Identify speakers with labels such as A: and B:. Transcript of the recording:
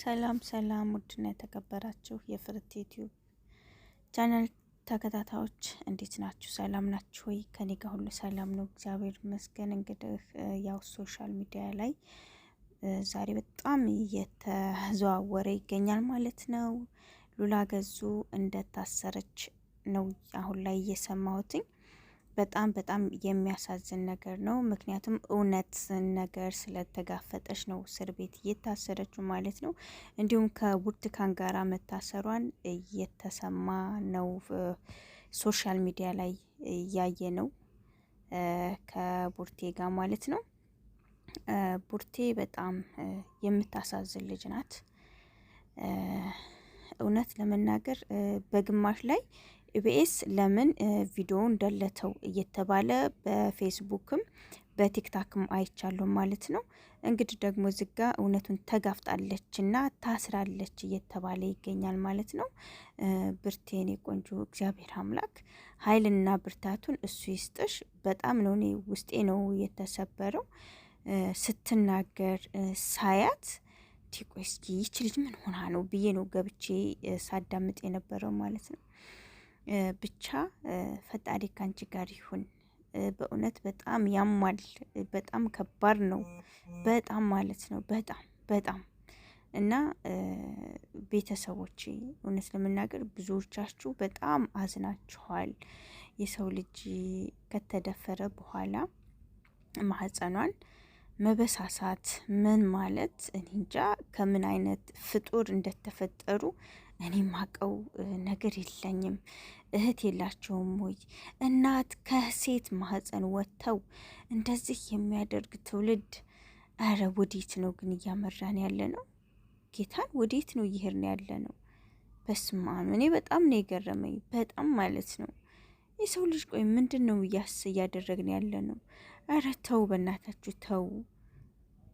A: ሰላም ሰላም፣ ውድና የተከበራችሁ የፍርት ዩቲዩብ ቻናል ተከታታዮች እንዴት ናችሁ? ሰላም ናችሁ ወይ? ከኔ ጋር ሁሉ ሰላም ነው፣ እግዚአብሔር ይመስገን። እንግዲህ ያው ሶሻል ሚዲያ ላይ ዛሬ በጣም እየተዘዋወረ ይገኛል ማለት ነው። ሉላ ገዙ እንደታሰረች ነው አሁን ላይ እየሰማሁትኝ በጣም በጣም የሚያሳዝን ነገር ነው። ምክንያቱም እውነት ነገር ስለተጋፈጠች ነው እስር ቤት እየታሰረችው ማለት ነው። እንዲሁም ከብርቱካን ጋራ መታሰሯን እየተሰማ ነው፣ ሶሻል ሚዲያ ላይ እያየ ነው ከቡርቴ ጋር ማለት ነው። ቡርቴ በጣም የምታሳዝን ልጅ ናት። እውነት ለመናገር በግማሽ ላይ ኢቢኤስ ለምን ቪዲዮ ደለተው እየተባለ በፌስቡክም በቲክታክም አይቻለሁ ማለት ነው። እንግዲህ ደግሞ ዝጋ እውነቱን ተጋፍጣለች እና ታስራለች እየተባለ ይገኛል ማለት ነው። ብርቴን የቆንጆ እግዚአብሔር አምላክ ኃይልና ብርታቱን እሱ ይስጥሽ። በጣም ነው እኔ ውስጤ ነው የተሰበረው ስትናገር ሳያት ቲቆ እስኪ ይች ልጅ ምን ሆና ነው ብዬ ነው ገብቼ ሳዳምጥ የነበረው ማለት ነው። ብቻ ፈጣሪ ካንቺ ጋር ይሁን። በእውነት በጣም ያማል። በጣም ከባድ ነው። በጣም ማለት ነው። በጣም በጣም እና ቤተሰቦች እውነት ለመናገር ብዙዎቻችሁ በጣም አዝናችኋል። የሰው ልጅ ከተደፈረ በኋላ ማህፀኗን መበሳሳት ምን ማለት እኔ እንጃ ከምን አይነት ፍጡር እንደተፈጠሩ እኔ ማቀው ነገር የለኝም። እህት የላቸውም ወይ? እናት ከሴት ማህፀን ወጥተው እንደዚህ የሚያደርግ ትውልድ አረ ወዴት ነው ግን እያመራን ያለ ነው? ጌታን ወዴት ነው እየሄድን ያለ ነው? በስመ አብ እኔ በጣም ነው የገረመኝ። በጣም ማለት ነው የሰው ልጅ ቆይ ምንድን ነው እያስ እያደረግን ያለ ነው? አረ ተው በእናታችሁ ተው።